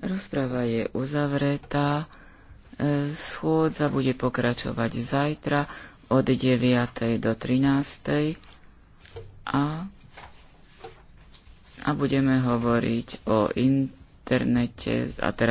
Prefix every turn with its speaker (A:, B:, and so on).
A: Rozprava je uzavretá. E, schôdza bude pokračovať zajtra od 9. do 13. A, a budeme hovoriť o internete
B: a teraz